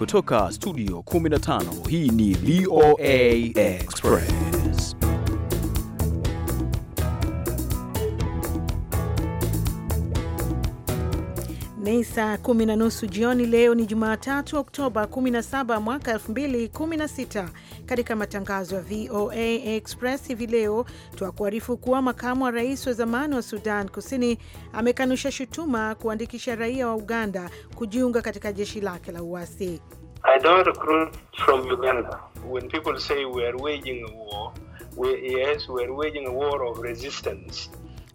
Kutoka studio 15 hii ni VOA Express. Ni saa kumi na nusu jioni. Leo ni Jumatatu, Oktoba 17 mwaka 2016 katika matangazo ya VOA Express hivi leo, twakuarifu kuwa makamu wa rais wa zamani wa Sudan Kusini amekanusha shutuma kuandikisha raia wa Uganda kujiunga katika jeshi lake la uasi.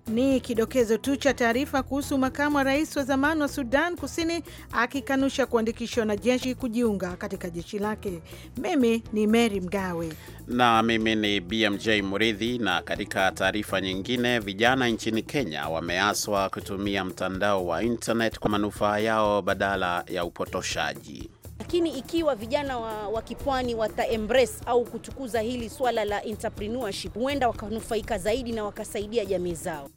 Ni kidokezo tu cha taarifa kuhusu makamu wa rais wa zamani wa Sudan Kusini akikanusha kuandikishwa na jeshi kujiunga katika jeshi lake. Mimi ni Mary Mgawe na mimi ni BMJ Muridhi. Na katika taarifa nyingine, vijana nchini Kenya wameaswa kutumia mtandao wa internet kwa manufaa yao badala ya upotoshaji. Lakini ikiwa vijana wa, wa kipwani wata au kutukuza hili swala la entrepreneurship, huenda wakanufaika zaidi na wakasaidia jamii zao.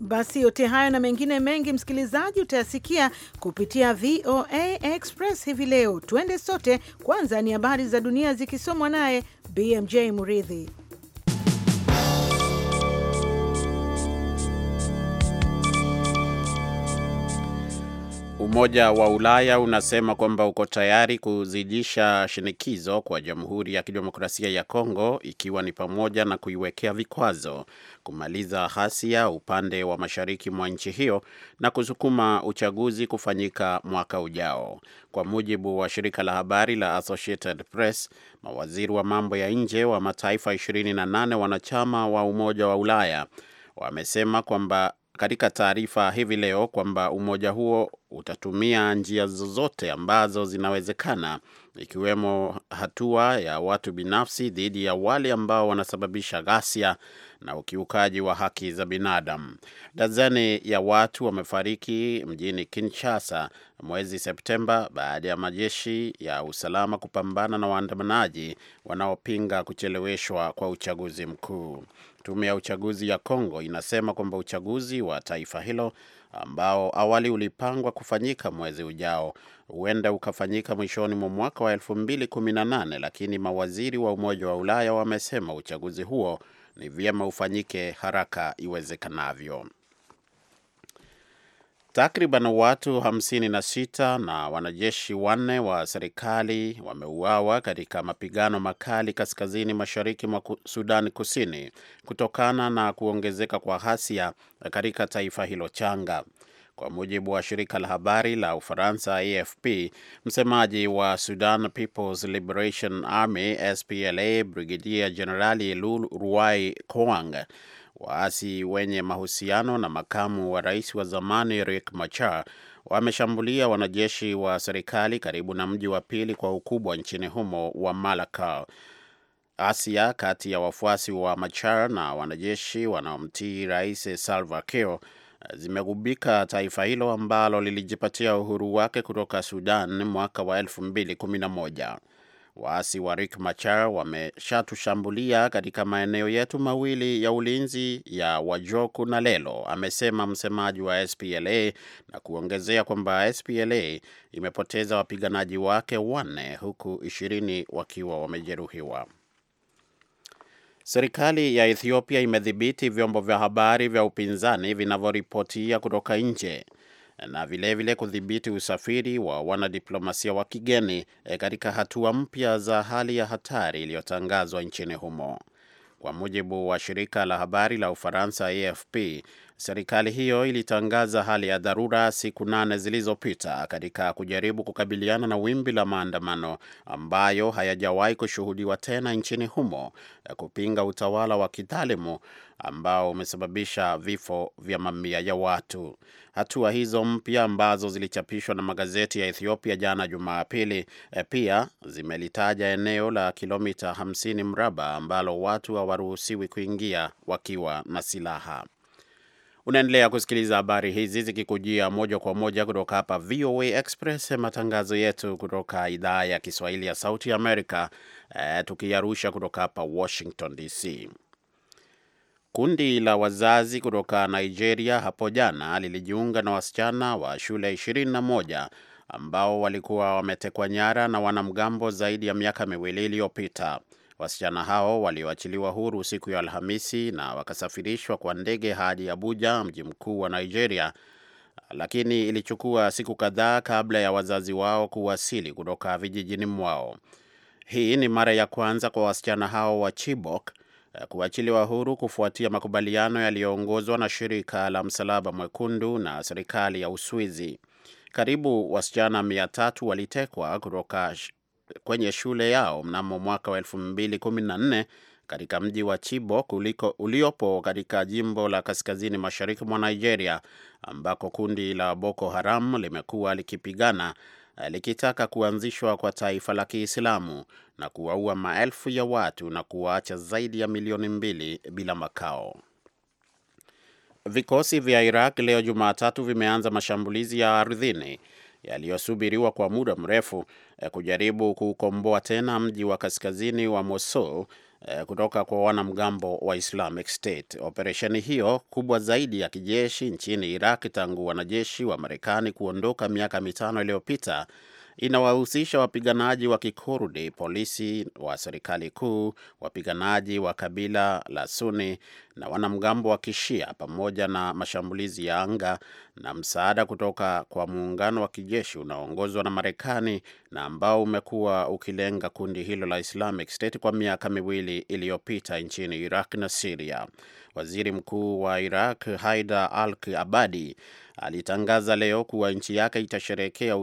Basi yote hayo na mengine mengi, msikilizaji, utayasikia kupitia VOA Express hivi leo. Tuende sote, kwanza ni habari za dunia zikisomwa naye BMJ Muridhi. Umoja wa Ulaya unasema kwamba uko tayari kuzidisha shinikizo kwa Jamhuri ya Kidemokrasia ya Kongo ikiwa ni pamoja na kuiwekea vikwazo, kumaliza ghasia upande wa mashariki mwa nchi hiyo na kusukuma uchaguzi kufanyika mwaka ujao. Kwa mujibu wa shirika la habari la Associated Press, mawaziri wa mambo ya nje wa mataifa 28 wanachama wa Umoja wa Ulaya wamesema kwamba katika taarifa hivi leo kwamba umoja huo utatumia njia zozote ambazo zinawezekana ikiwemo hatua ya watu binafsi dhidi ya wale ambao wanasababisha ghasia na ukiukaji wa haki za binadamu. Dazeni ya watu wamefariki mjini Kinshasa mwezi Septemba baada ya majeshi ya usalama kupambana na waandamanaji wanaopinga kucheleweshwa kwa uchaguzi mkuu. Tume ya uchaguzi ya congo inasema kwamba uchaguzi wa taifa hilo ambao awali ulipangwa kufanyika mwezi ujao huenda ukafanyika mwishoni mwa mwaka wa 2018 lakini mawaziri wa Umoja wa Ulaya wamesema uchaguzi huo ni vyema ufanyike haraka iwezekanavyo. Takriban watu 56 na wanajeshi wanne wa serikali wameuawa katika mapigano makali kaskazini mashariki mwa Sudan Kusini kutokana na kuongezeka kwa ghasia katika taifa hilo changa. Kwa mujibu wa shirika la habari la Ufaransa AFP, msemaji wa Sudan People's Liberation Army SPLA, Brigedia Generali Lul Ruai Koang Waasi wenye mahusiano na makamu wa rais wa zamani Riek Machar wameshambulia wanajeshi wa serikali karibu na mji wa pili kwa ukubwa nchini humo wa Malakal. Asia kati ya wafuasi wa Machar na wanajeshi wanaomtii rais Salva Kiir zimegubika taifa hilo ambalo lilijipatia uhuru wake kutoka Sudan mwaka wa 2011. Waasi wa Rik Machar wameshatushambulia katika maeneo yetu mawili ya ulinzi ya Wajoku na Lelo, amesema msemaji wa SPLA na kuongezea kwamba SPLA imepoteza wapiganaji wake wanne huku ishirini wakiwa wamejeruhiwa. Serikali ya Ethiopia imedhibiti vyombo vya habari vya upinzani vinavyoripotia kutoka nje na vilevile kudhibiti usafiri wa wanadiplomasia wa kigeni eh, katika hatua mpya za hali ya hatari iliyotangazwa nchini humo. Kwa mujibu wa shirika la habari la Ufaransa AFP, Serikali hiyo ilitangaza hali ya dharura siku nane zilizopita katika kujaribu kukabiliana na wimbi la maandamano ambayo hayajawahi kushuhudiwa tena nchini humo kupinga utawala wa kidhalimu ambao umesababisha vifo vya mamia ya watu. Hatua hizo mpya ambazo zilichapishwa na magazeti ya Ethiopia jana Jumapili eh, pia zimelitaja eneo la kilomita 50 mraba ambalo watu hawaruhusiwi kuingia wakiwa na silaha. Unaendelea kusikiliza habari hizi zikikujia moja kwa moja kutoka hapa VOA Express, matangazo yetu kutoka idhaa ya Kiswahili ya Sauti Amerika, eh, tukiyarusha kutoka hapa Washington DC. Kundi la wazazi kutoka Nigeria hapo jana lilijiunga na wasichana wa shule 21 ambao walikuwa wametekwa nyara na wanamgambo zaidi ya miaka miwili iliyopita. Wasichana hao walioachiliwa huru siku ya Alhamisi na wakasafirishwa kwa ndege hadi Abuja, mji mkuu wa Nigeria, lakini ilichukua siku kadhaa kabla ya wazazi wao kuwasili kutoka vijijini mwao. Hii ni mara ya kwanza kwa wasichana hao wa Chibok eh, kuachiliwa huru kufuatia makubaliano yaliyoongozwa na shirika la Msalaba Mwekundu na serikali ya Uswizi. Karibu wasichana mia tatu walitekwa kutoka kwenye shule yao mnamo mwaka wa e214 katika mji wa Chibok uliko, uliopo katika jimbo la kaskazini mashariki mwa Nigeria ambako kundi la Boko Haram limekuwa likipigana eh, likitaka kuanzishwa kwa taifa la Kiislamu na kuwaua maelfu ya watu na kuwaacha zaidi ya milioni mbili bila makao. Vikosi vya Iraq leo Jumatatu vimeanza mashambulizi ya ardhini yaliyosubiriwa kwa muda mrefu Eh, kujaribu kukomboa tena mji wa kaskazini wa Mosul eh, kutoka kwa wanamgambo wa Islamic State. Operesheni hiyo kubwa zaidi ya kijeshi nchini Iraq tangu wanajeshi wa Marekani kuondoka miaka mitano iliyopita inawahusisha wapiganaji wa Kikurdi, polisi wa serikali kuu, wapiganaji wa kabila la Suni na wanamgambo wa Kishia, pamoja na mashambulizi ya anga na msaada kutoka kwa muungano wa kijeshi unaoongozwa na Marekani na ambao umekuwa ukilenga kundi hilo la Islamic State kwa miaka miwili iliyopita nchini Iraq na Siria. Waziri Mkuu wa Iraq Haidar Al Abadi alitangaza leo kuwa nchi yake itasherehekea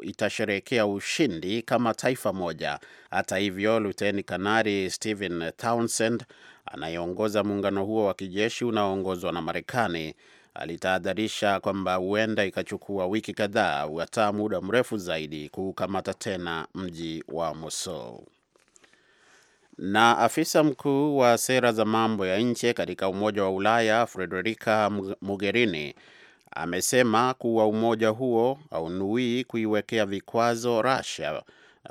itasherehekea ushindi kama taifa moja. Hata hivyo, luteni kanari Stephen Townsend anayeongoza muungano huo wa kijeshi unaoongozwa na Marekani alitahadharisha kwamba huenda ikachukua wiki kadhaa au hata muda mrefu zaidi kuukamata tena mji wa Mosul. Na afisa mkuu wa sera za mambo ya nje katika Umoja wa Ulaya Frederica Mogherini amesema kuwa umoja huo haunuii kuiwekea vikwazo Russia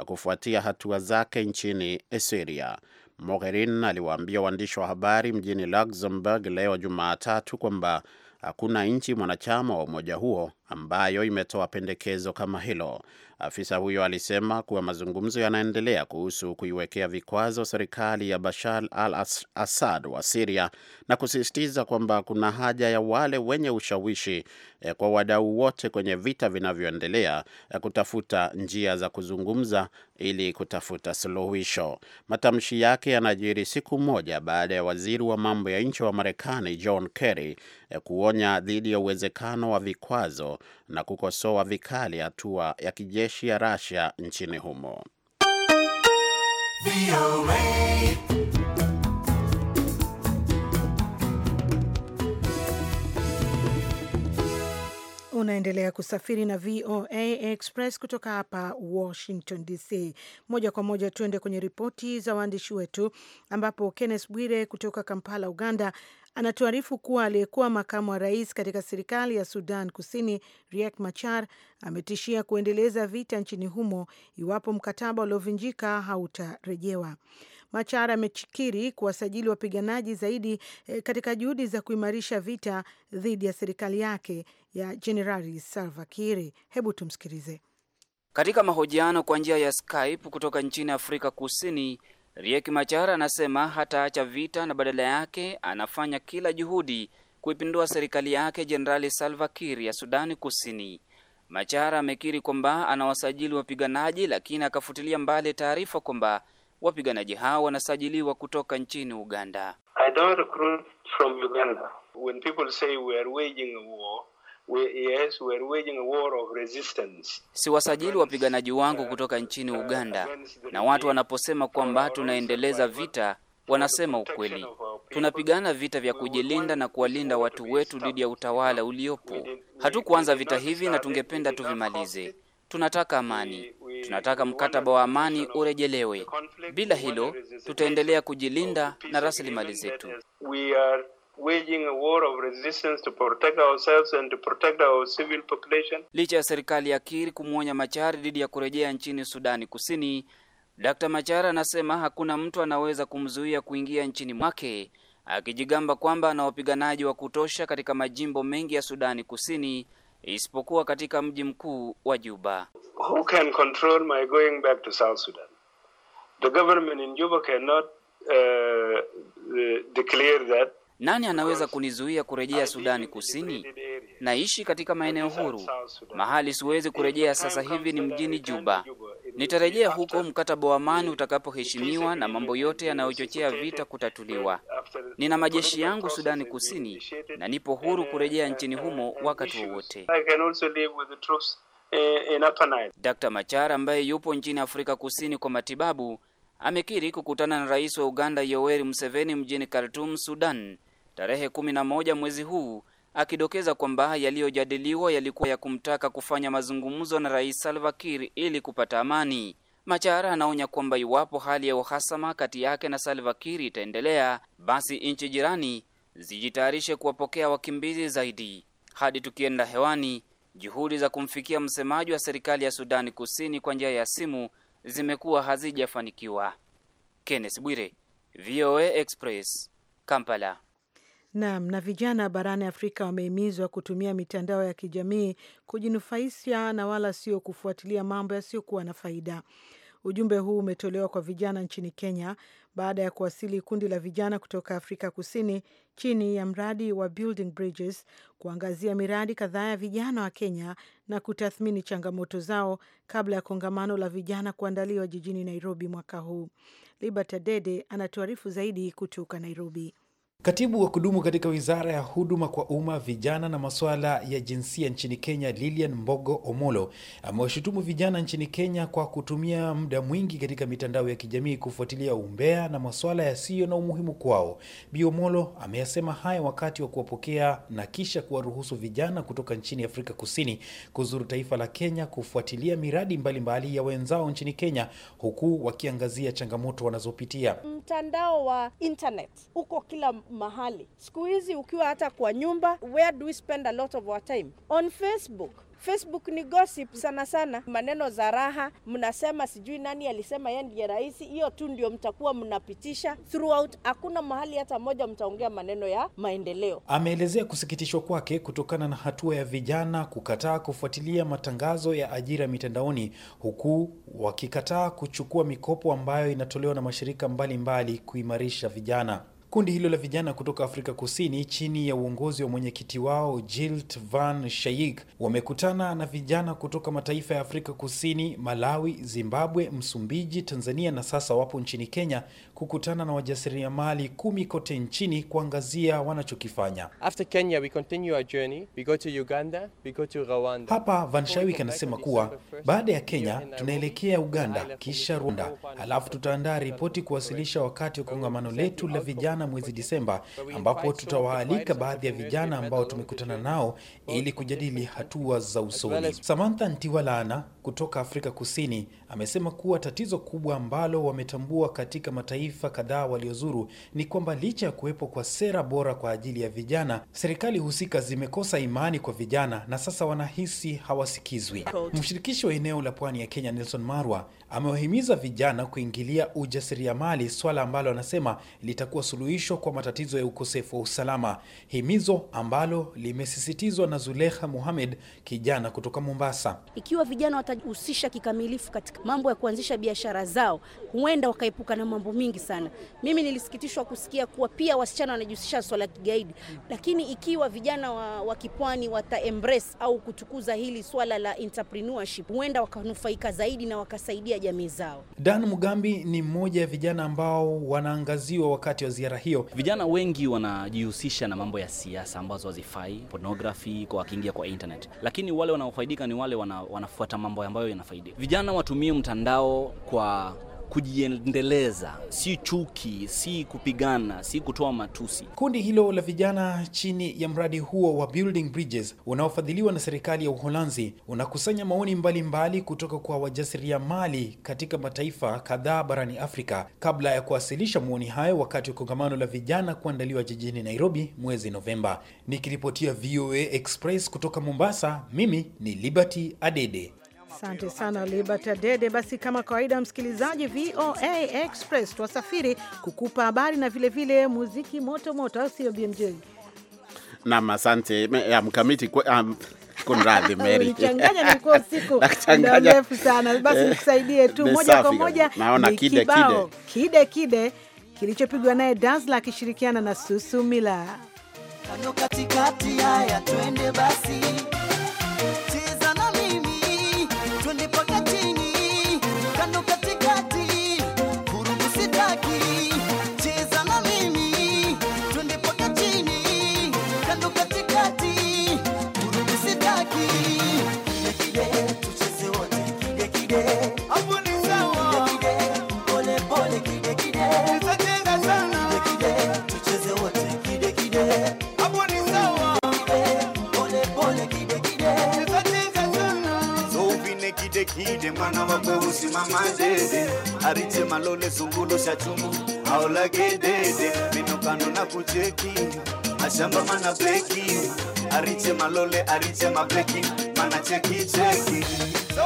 kufuatia hatua zake nchini Syria. Mogherini aliwaambia waandishi wa habari mjini Luxembourg leo Jumatatu kwamba hakuna nchi mwanachama wa umoja huo ambayo imetoa pendekezo kama hilo. Afisa huyo alisema kuwa mazungumzo yanaendelea kuhusu kuiwekea vikwazo serikali ya Bashar al Assad wa Siria na kusisitiza kwamba kuna haja ya wale wenye ushawishi e, kwa wadau wote kwenye vita vinavyoendelea e, kutafuta njia za kuzungumza ili kutafuta suluhisho. Matamshi yake yanajiri siku moja baada ya waziri wa mambo ya nje wa Marekani John Kerry e, kuonya dhidi ya uwezekano wa vikwazo na kukosoa vikali hatua ya kijeshi ya Russia nchini humo. Unaendelea kusafiri na VOA Express kutoka hapa Washington DC. Moja kwa moja tuende kwenye ripoti za waandishi wetu, ambapo Kenneth Bwire kutoka Kampala, Uganda, anatuarifu kuwa aliyekuwa makamu wa rais katika serikali ya Sudan Kusini Riek Machar ametishia kuendeleza vita nchini humo iwapo mkataba uliovunjika hautarejewa. Machar amekiri kuwasajili wapiganaji zaidi eh, katika juhudi za kuimarisha vita dhidi ya serikali yake ya Jenerali Salva Kiir. Hebu tumsikilize. Katika mahojiano kwa njia ya Skype kutoka nchini Afrika Kusini, Riek Machar anasema hataacha vita na badala yake anafanya kila juhudi kuipindua serikali yake Jenerali Salva Kiir ya Sudani Kusini. Machar amekiri kwamba anawasajili wapiganaji, lakini akafutilia mbali taarifa kwamba wapiganaji hao wanasajiliwa kutoka nchini Uganda. I don't recruit from Uganda. When people say we are waging a war, si yes, we are waging a war of resistance. wapiganaji wangu kutoka nchini Uganda, na watu wanaposema kwamba tunaendeleza vita wanasema ukweli. Tunapigana vita vya kujilinda na kuwalinda watu wetu dhidi ya utawala uliopo. Hatukuanza vita hivi na tungependa tuvimalize. Tunataka amani, tunataka mkataba wa amani urejelewe. Bila hilo, tutaendelea kujilinda na rasilimali zetu waging a war of resistance to protect ourselves and to protect our civil population. Licha ya serikali ya Kiir kumwonya Machar dhidi ya kurejea nchini Sudani Kusini, Dr. Machar anasema hakuna mtu anaweza kumzuia kuingia nchini mwake, akijigamba kwamba ana wapiganaji wa kutosha katika majimbo mengi ya Sudani Kusini isipokuwa katika mji mkuu wa Juba. Who can control my going back to South Sudan? The government in Juba cannot uh, declare that nani anaweza kunizuia kurejea Sudani Kusini? Naishi katika maeneo huru. Mahali siwezi kurejea sasa hivi ni mjini Juba. Nitarejea huko mkataba wa amani utakapoheshimiwa na mambo yote yanayochochea vita kutatuliwa. Nina majeshi yangu Sudani Kusini na nipo huru kurejea nchini humo wakati wowote. Dr. Machar ambaye yupo nchini Afrika Kusini kwa matibabu amekiri kukutana na Rais wa Uganda Yoweri Museveni mjini Khartoum, Sudan tarehe 11 mwezi huu akidokeza kwamba yaliyojadiliwa yalikuwa ya kumtaka kufanya mazungumzo na Rais Salva Kiir ili kupata amani. Machara anaonya kwamba iwapo hali ya uhasama kati yake na Salva Kiir itaendelea, basi nchi jirani zijitayarishe kuwapokea wakimbizi zaidi. Hadi tukienda hewani, juhudi za kumfikia msemaji wa serikali ya Sudani Kusini kwa njia ya simu zimekuwa hazijafanikiwa. Kenneth Bwire, VOA Express, Kampala. Naam, na vijana barani Afrika wamehimizwa kutumia mitandao ya kijamii kujinufaisha na wala sio kufuatilia mambo yasiyokuwa na faida. Ujumbe huu umetolewa kwa vijana nchini Kenya baada ya kuwasili kundi la vijana kutoka Afrika Kusini chini ya mradi wa Building Bridges kuangazia miradi kadhaa ya vijana wa Kenya na kutathmini changamoto zao kabla ya kongamano la vijana kuandaliwa jijini Nairobi mwaka huu. Liberty Dede anatuarifu zaidi kutoka Nairobi. Katibu wa kudumu katika wizara ya huduma kwa umma, vijana na masuala ya jinsia nchini Kenya, Lilian Mbogo Omolo, amewashutumu vijana nchini Kenya kwa kutumia muda mwingi katika mitandao ya kijamii kufuatilia umbea na masuala yasiyo na umuhimu kwao. Bi Omolo ameyasema haya wakati wa kuwapokea na kisha kuwaruhusu vijana kutoka nchini Afrika Kusini kuzuru taifa la Kenya kufuatilia miradi mbalimbali mbali ya wenzao nchini Kenya, huku wakiangazia changamoto wanazopitia. Mtandao wa internet uko kila mahali. Siku hizi ukiwa hata kwa nyumba, where do we spend a lot of our time? On Facebook. Facebook ni gossip sana sana, maneno za raha, mnasema sijui nani alisema yeye ndiye rais. Hiyo tu ndio mtakuwa mnapitisha throughout, hakuna mahali hata moja mtaongea maneno ya maendeleo. Ameelezea kusikitishwa kwake kutokana na hatua ya vijana kukataa kufuatilia matangazo ya ajira mitandaoni, huku wakikataa kuchukua mikopo ambayo inatolewa na mashirika mbalimbali mbali kuimarisha vijana. Kundi hilo la vijana kutoka Afrika Kusini chini ya uongozi wa mwenyekiti wao Gilt Van Shaig wamekutana na vijana kutoka mataifa ya Afrika Kusini, Malawi, Zimbabwe, Msumbiji, Tanzania na sasa wapo nchini Kenya kukutana na wajasiriamali kumi kote nchini kuangazia wanachokifanya. After Kenya we continue our journey, we go to Uganda, we go to Rwanda. Hapa Vanshawik anasema kuwa baada ya Kenya tunaelekea Uganda kisha Rwanda, halafu tutaandaa ripoti kuwasilisha wakati wa kongamano letu la vijana mwezi Disemba, ambapo tutawaalika baadhi ya vijana ambao tumekutana nao ili kujadili hatua za usoni. Samantha Ntiwalana kutoka Afrika Kusini amesema kuwa tatizo kubwa ambalo wametambua katika mataifa mataifa kadhaa waliozuru ni kwamba licha ya kuwepo kwa sera bora kwa ajili ya vijana, serikali husika zimekosa imani kwa vijana na sasa wanahisi hawasikizwi. Mshirikishi wa eneo la pwani ya Kenya Nelson Marwa amewahimiza vijana kuingilia ujasiriamali, swala ambalo anasema litakuwa suluhisho kwa matatizo ya ukosefu wa usalama, himizo ambalo limesisitizwa na Zulekha Muhamed, kijana kutoka Mombasa. Ikiwa vijana watajihusisha kikamilifu katika mambo ya kuanzisha biashara zao, huenda wakaepuka na mambo mingi sana. Mimi nilisikitishwa kusikia kuwa pia wasichana wanajihusisha swala kigaidi, lakini ikiwa vijana wa, wa kipwani wata embrace au kutukuza hili swala la entrepreneurship, huenda wakanufaika zaidi na wakasaidia jamii zao. Dan Mugambi ni mmoja ya vijana ambao wanaangaziwa wakati wa ziara hiyo. Vijana wengi wanajihusisha na mambo ya siasa ambazo hazifai, pornography kwa wakiingia kwa internet, lakini wale wanaofaidika ni wale wana, wanafuata mambo ambayo yanafaidi vijana. Watumie mtandao kwa kujiendeleza, si chuki, si kupigana, si kutoa matusi. Kundi hilo la vijana chini ya mradi huo wa Building Bridges unaofadhiliwa na serikali ya Uholanzi unakusanya maoni mbalimbali kutoka kwa wajasiriamali katika mataifa kadhaa barani Afrika kabla ya kuwasilisha maoni hayo wakati wa kongamano la vijana kuandaliwa jijini Nairobi mwezi Novemba. Nikiripotia VOA Express kutoka Mombasa, mimi ni Liberty Adede. Asante sana Libertadede. Basi kama kawaida, msikilizaji, VOA Express twasafiri kukupa habari na vilevile vile muziki moto moto, au sio BMJ? Nam, asante mkamiti um, Kunradhi Mary, sana. Basi nikusaidie tu moja kwa moja, naona kide kide kide kide kilichopigwa naye Dazzler akishirikiana na susumila Kando katikati, haya twende basi ide mwana wakweusi mama dede Arite malole zungulusha chumu aulage dede minokano na kucheki mashamba mana bleki Arite malole arite mableki mana cheki so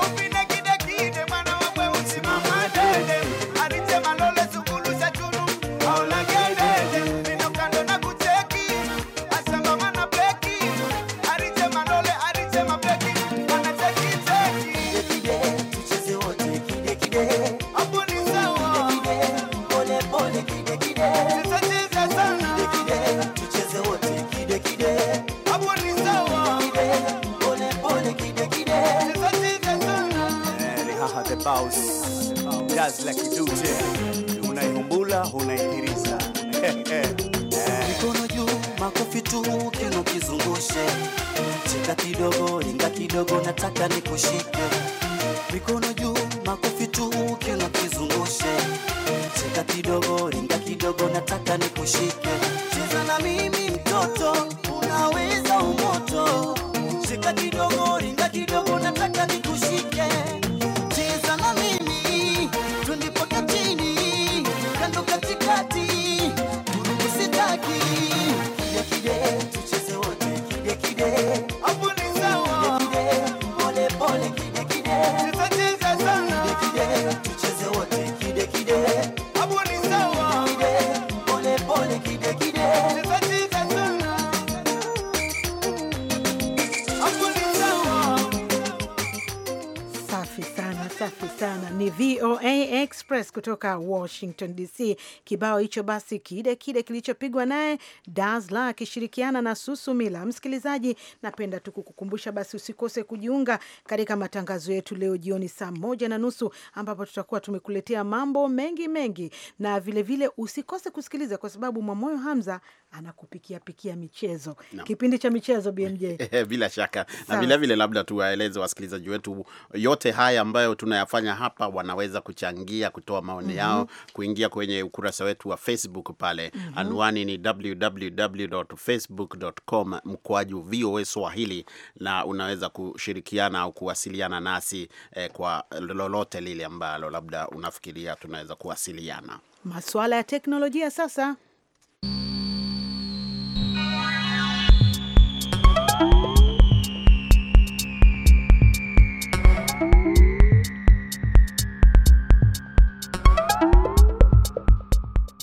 nikushike, cheza na mimi mtoto, unaweza umoto, shika kidogo, ringa kidogo, nataka nikushike Express kutoka Washington DC. Kibao hicho basi kide kide kilichopigwa naye Dazla akishirikiana na Susu Mila. Msikilizaji, napenda tu kukukumbusha basi usikose kujiunga katika matangazo yetu leo jioni saa moja na nusu ambapo tutakuwa tumekuletea mambo mengi mengi, na vilevile vile usikose kusikiliza kwa sababu Mwamoyo Hamza anakupikia pikia michezo no. Kipindi cha michezo BMJ bila shaka Sao. Na vilevile labda tuwaeleze wasikilizaji wetu yote haya ambayo tunayafanya hapa, wanaweza kuchangia kutoa maoni mhm. yao mm -hmm. kuingia kwenye ukurasa wetu wa Facebook pale mm -hmm. anwani ni www.facebook.com mkwaju VOA Swahili, na unaweza kushirikiana au kuwasiliana nasi eh, kwa lolote lile ambalo labda unafikiria tunaweza kuwasiliana. Masuala ya teknolojia sasa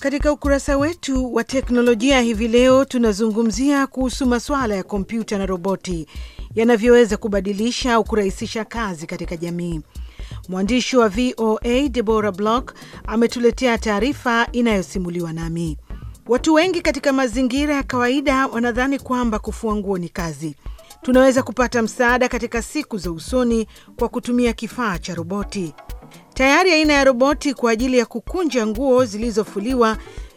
Katika ukurasa wetu wa teknolojia hivi leo tunazungumzia kuhusu masuala ya kompyuta na roboti yanavyoweza kubadilisha au kurahisisha kazi katika jamii. Mwandishi wa VOA Debora Block ametuletea taarifa inayosimuliwa nami. Watu wengi katika mazingira ya kawaida wanadhani kwamba kufua nguo ni kazi. Tunaweza kupata msaada katika siku za usoni kwa kutumia kifaa cha roboti. Tayari aina ya roboti kwa ajili ya kukunja nguo zilizofuliwa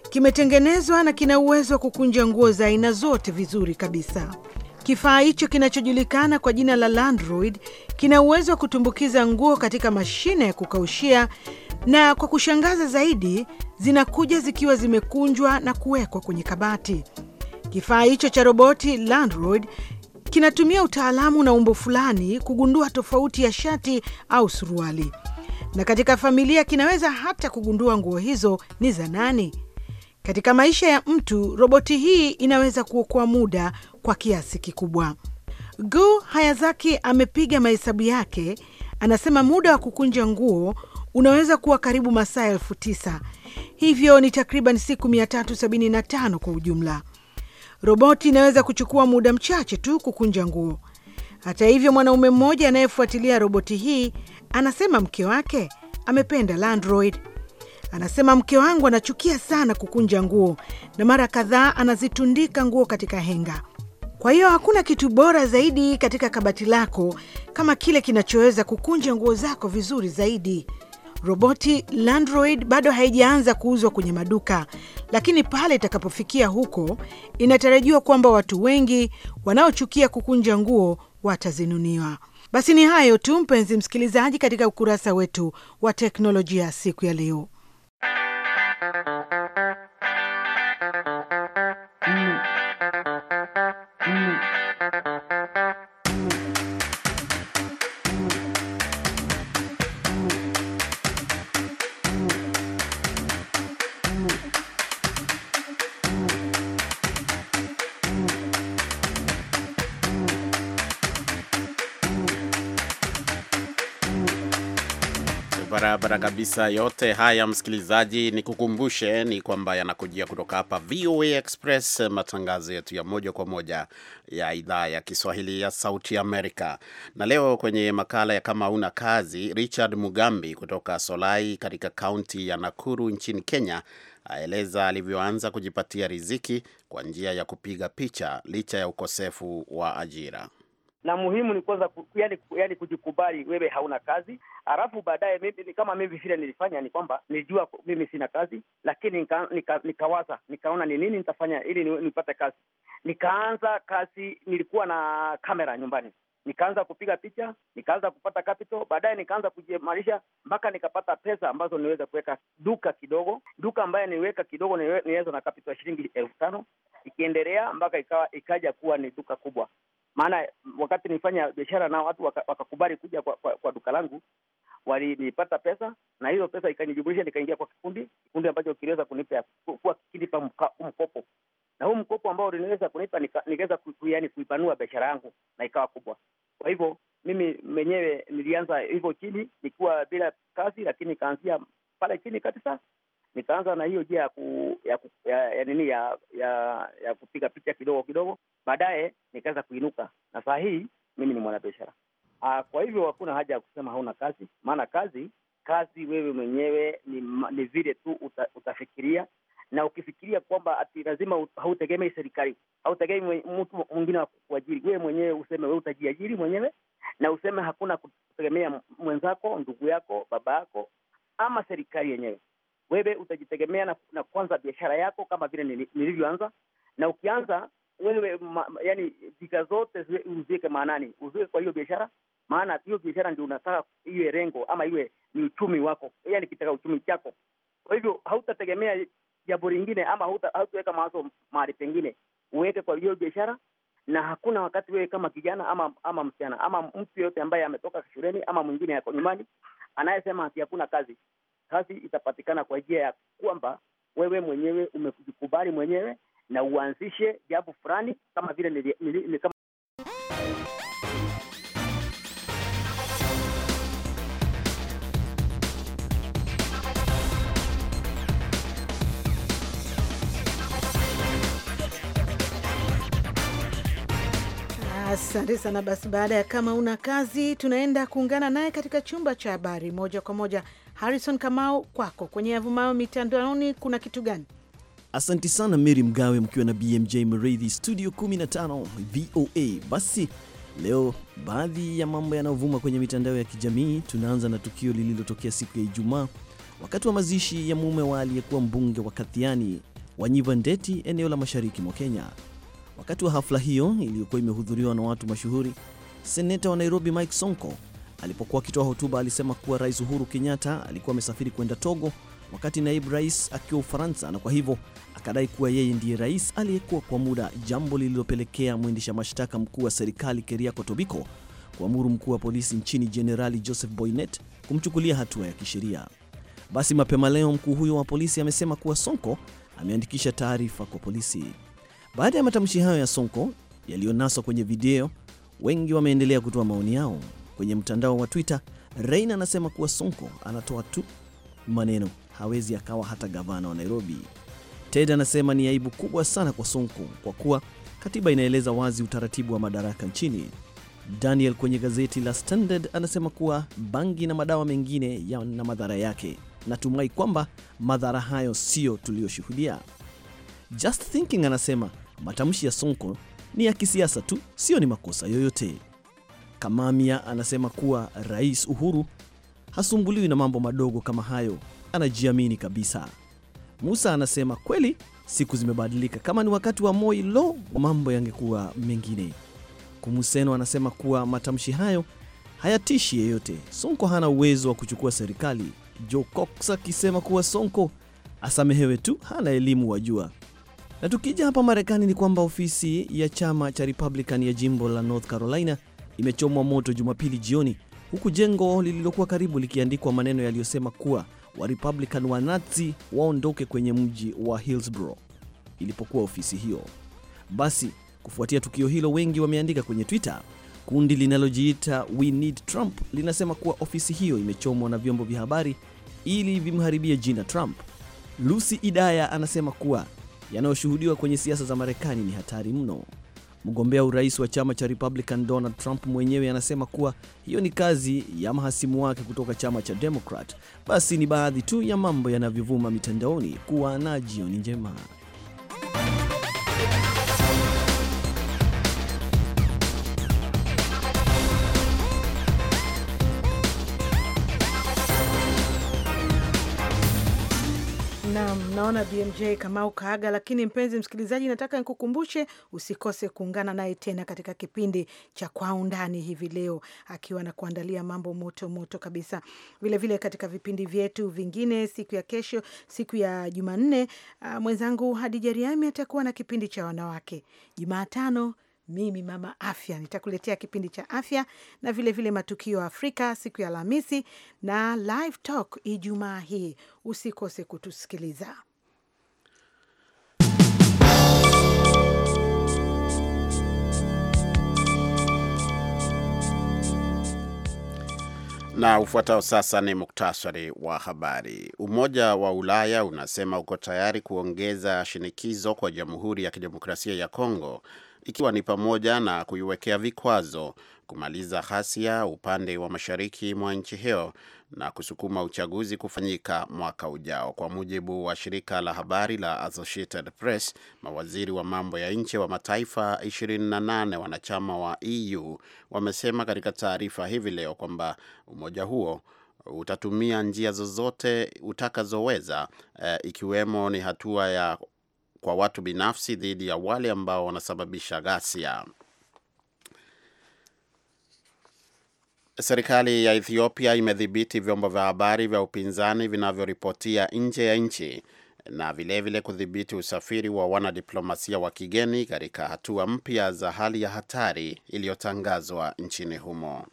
kimetengenezwa na kina uwezo wa kukunja nguo za aina zote vizuri kabisa. Kifaa hicho kinachojulikana kwa jina la Landroid kina uwezo wa kutumbukiza nguo katika mashine ya kukaushia, na kwa kushangaza zaidi, zinakuja zikiwa zimekunjwa na kuwekwa kwenye kabati. Kifaa hicho cha roboti Landroid kinatumia utaalamu na umbo fulani kugundua tofauti ya shati au suruali na katika familia kinaweza hata kugundua nguo hizo ni za nani. Katika maisha ya mtu, roboti hii inaweza kuokoa muda kwa kiasi kikubwa. Gu Hayazaki amepiga mahesabu yake, anasema muda wa kukunja nguo unaweza kuwa karibu masaa elfu tisa hivyo ni takriban siku 375 kwa ujumla. Roboti inaweza kuchukua muda mchache tu kukunja nguo. Hata hivyo, mwanaume mmoja anayefuatilia roboti hii Anasema mke wake amependa Landroid. Anasema mke wangu anachukia sana kukunja nguo na mara kadhaa anazitundika nguo katika henga. Kwa hiyo hakuna kitu bora zaidi katika kabati lako kama kile kinachoweza kukunja nguo zako vizuri zaidi. Roboti Landroid bado haijaanza kuuzwa kwenye maduka, lakini pale itakapofikia huko, inatarajiwa kwamba watu wengi wanaochukia kukunja nguo watazinuniwa basi ni hayo tu, mpenzi msikilizaji, katika ukurasa wetu wa teknolojia siku ya leo. barabara kabisa. Yote haya msikilizaji, ni kukumbushe ni kwamba yanakujia kutoka hapa VOA Express, matangazo yetu ya moja kwa moja ya idhaa ya Kiswahili ya Sauti Amerika. Na leo kwenye makala ya kama una kazi, Richard Mugambi kutoka Solai katika kaunti ya Nakuru nchini Kenya aeleza alivyoanza kujipatia riziki kwa njia ya kupiga picha licha ya ukosefu wa ajira na muhimu ni kwanza ku, yani, yani kujikubali wewe hauna kazi, alafu baadaye mimi kama mimi vile nilifanya ni kwamba nijua mimi sina kazi, lakini nika, nika, nikawaza nikaona ni nini nitafanya ili nipate kazi. Nikaanza kazi, nilikuwa na kamera nyumbani nikaanza kupiga picha, nikaanza kupata capital, baadaye nikaanza kujimarisha mpaka nikapata pesa ambazo niweza kuweka duka kidogo, duka ambayo niweka kidogo niweza na capital ya shilingi elfu tano ikiendelea mpaka ikawa ikaja kuwa ni duka kubwa maana wakati nilifanya biashara na watu wakakubali waka kuja kwa, kwa, kwa duka langu, walinipata pesa na hiyo pesa ikanijumulisha, nikaingia kwa kikundi, kikundi ambacho kiliweza kunipa kuwa kikindi pa mkopo, na huu mkopo ambao uliniweza kunipa nikaweza yani kuipanua biashara yangu na ikawa kubwa. Kwa hivyo mimi mwenyewe nilianza hivyo chini, nikiwa bila kazi, lakini ikaanzia pale chini kabisa nikaanza na hiyo njia ya ku, ya, ya, ya nini ya ya, ya kupiga picha kidogo kidogo, baadaye nikaweza kuinuka na saa hii mimi ni mwanabiashara. Ah, kwa hivyo hakuna haja ya kusema hauna kazi, maana kazi kazi wewe mwenyewe ni, ni vile tu uta, utafikiria na ukifikiria kwamba ati lazima hautegemei serikali, hautegemei mtu mwingine wa kuajiri, wewe mwenyewe useme wewe utajiajiri mwenyewe na useme hakuna kutegemea mwenzako, ndugu yako, baba yako ama serikali yenyewe wewe utajitegemea na, na kwanza biashara yako kama vile nilivyoanza, na ukianza wewe ma, yani vika zote uziweke maanani, uziweke kwa hiyo biashara, maana hiyo biashara ndio unataka iwe rengo ama iwe ni uchumi wako, yani kitaka uchumi chako. Kwa hivyo hautategemea jambo lingine ama hautaweka mawazo mahali pengine, uweke kwa hiyo biashara na hakuna wakati wewe kama kijana ama ama msichana ama mtu yoyote ambaye ametoka shuleni ama mwingine yako nyumbani anayesema ati hakuna kazi kazi itapatikana kwa njia ya kwamba wewe mwenyewe umejikubali mwenyewe na uanzishe jambo fulani kama vile ni, ni, ni, kama... Asante sana. Basi baada ya kama una kazi, tunaenda kuungana naye katika chumba cha habari moja kwa moja Harrison Kamau, kwako kwenye yavumayo mitandaoni kuna kitu gani? Asanti sana Mary Mgawe, mkiwa na BMJ Mreithi studio 15 VOA. Basi leo baadhi ya mambo yanayovuma kwenye mitandao ya kijamii, tunaanza na tukio lililotokea siku ya Ijumaa wakati wa mazishi ya mume wa aliyekuwa mbunge wa Kathiani wa nyiva Ndeti, eneo la mashariki mwa Kenya. Wakati wa hafla hiyo iliyokuwa imehudhuriwa na watu mashuhuri, seneta wa Nairobi Mike Sonko Alipokuwa akitoa hotuba, alisema kuwa Rais Uhuru Kenyatta alikuwa amesafiri kwenda Togo wakati naibu rais akiwa Ufaransa, na kwa hivyo akadai kuwa yeye ndiye rais aliyekuwa kwa muda, jambo lililopelekea mwendesha mashtaka mkuu wa serikali Keriako Tobiko kuamuru mkuu wa polisi nchini Jenerali Joseph Boynet kumchukulia hatua ya kisheria. Basi mapema leo mkuu huyo wa polisi amesema kuwa Sonko ameandikisha taarifa kwa polisi. Baada ya matamshi hayo ya Sonko yaliyonaswa kwenye video, wengi wameendelea kutoa maoni yao. Kwenye mtandao wa Twitter, Reina anasema kuwa Sonko anatoa tu maneno, hawezi akawa hata gavana wa Nairobi. Ted anasema ni aibu kubwa sana kwa Sonko kwa kuwa katiba inaeleza wazi utaratibu wa madaraka nchini. Daniel kwenye gazeti la Standard anasema kuwa bangi na madawa mengine yana madhara yake, natumai kwamba madhara hayo siyo tuliyoshuhudia. Just Thinking anasema matamshi ya Sonko ni ya kisiasa tu, sio ni makosa yoyote. Kamamia anasema kuwa Rais Uhuru hasumbuliwi na mambo madogo kama hayo, anajiamini kabisa. Musa anasema kweli, siku zimebadilika. Kama ni wakati wa Moi, lo, mambo yangekuwa mengine. Kumuseno anasema kuwa matamshi hayo hayatishi yeyote. Sonko hana uwezo wa kuchukua serikali. Joe Cox akisema kuwa Sonko asamehewe tu, hana elimu wajua. Na tukija hapa Marekani ni kwamba ofisi ya chama cha Republican ya jimbo la North Carolina imechomwa moto Jumapili jioni, huku jengo lililokuwa karibu likiandikwa maneno yaliyosema kuwa Warepublican wanazi waondoke kwenye mji wa Hillsborough ilipokuwa ofisi hiyo. Basi kufuatia tukio hilo, wengi wameandika kwenye Twitter. Kundi linalojiita We Need Trump linasema kuwa ofisi hiyo imechomwa na vyombo vya habari ili vimharibie jina Trump. Lucy Idaya anasema kuwa yanayoshuhudiwa kwenye siasa za Marekani ni hatari mno. Mgombea urais wa chama cha Republican Donald Trump mwenyewe anasema kuwa hiyo ni kazi ya mahasimu wake kutoka chama cha Democrat. Basi ni baadhi tu ya mambo yanavyovuma mitandaoni. Kuwa na jioni njema. Naona BMJ Kamau kaaga, lakini mpenzi msikilizaji, nataka nikukumbushe usikose kuungana naye tena katika kipindi cha Kwa Undani hivi leo, akiwa na kuandalia mambo moto moto kabisa. Vilevile vile katika vipindi vyetu vingine, siku ya kesho, siku ya Jumanne, ah, mwenzangu Hadija Riami atakuwa na kipindi cha wanawake. Jumatano mimi mama afya nitakuletea kipindi cha afya na vilevile vile matukio ya Afrika siku ya Alhamisi na live talk Ijumaa hii. Usikose kutusikiliza. Na ufuatao sasa ni muktasari wa habari. Umoja wa Ulaya unasema uko tayari kuongeza shinikizo kwa Jamhuri ya Kidemokrasia ya Kongo ikiwa ni pamoja na kuiwekea vikwazo, kumaliza ghasia upande wa mashariki mwa nchi hiyo na kusukuma uchaguzi kufanyika mwaka ujao. Kwa mujibu wa shirika la habari la Associated Press, mawaziri wa mambo ya nje wa mataifa 28 wanachama wa EU wamesema katika taarifa hivi leo kwamba umoja huo utatumia njia zozote utakazoweza, e, ikiwemo ni hatua ya kwa watu binafsi dhidi ya wale ambao wanasababisha ghasia. Serikali ya Ethiopia imedhibiti vyombo vya habari vya upinzani vinavyoripotia nje ya nchi na vilevile kudhibiti usafiri wa wanadiplomasia wa kigeni katika hatua mpya za hali ya hatari iliyotangazwa nchini humo.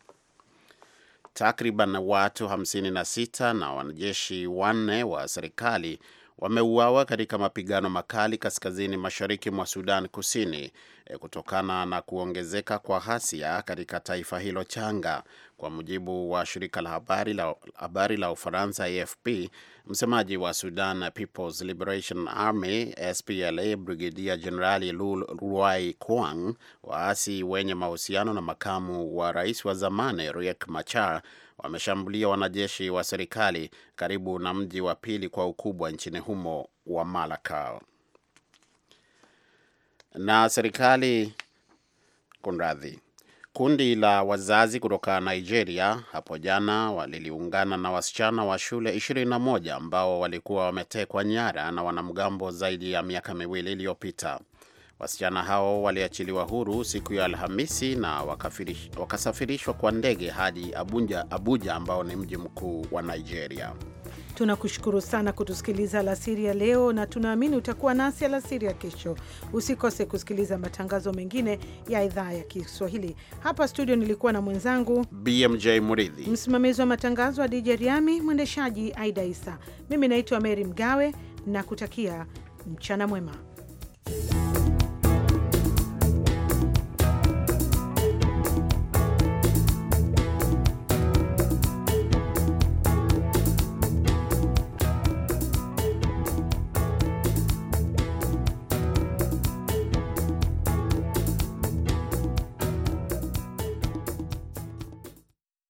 Takriban watu 56 na wanajeshi wanne wa serikali wameuawa katika mapigano makali kaskazini mashariki mwa Sudan Kusini eh, kutokana na kuongezeka kwa ghasia katika taifa hilo changa, kwa mujibu wa shirika la habari la, habari la Ufaransa AFP. Msemaji wa Sudan People's Liberation Army SPLA, Brigedia Jenerali Luai Kuang, waasi wenye mahusiano na makamu wa rais wa zamani Riek Machar wameshambulia wanajeshi wa serikali karibu na mji wa pili kwa ukubwa nchini humo wa Malakal. Na serikali kunradhi, kundi la wazazi kutoka Nigeria hapo jana waliliungana na wasichana wa shule 21 ambao walikuwa wametekwa nyara na wanamgambo zaidi ya miaka miwili iliyopita. Wasichana hao waliachiliwa huru siku ya Alhamisi na wakasafirishwa kwa ndege hadi Abuja, Abuja ambao ni mji mkuu wa Nigeria. Tunakushukuru sana kutusikiliza alasiri ya leo, na tunaamini utakuwa nasi alasiri ya kesho. Usikose kusikiliza matangazo mengine ya idhaa ya Kiswahili. Hapa studio nilikuwa na mwenzangu BMJ Muridhi, msimamizi wa matangazo DJ Riami, mwendeshaji Aida Isa. Mimi naitwa Meri Mgawe na kutakia mchana mwema.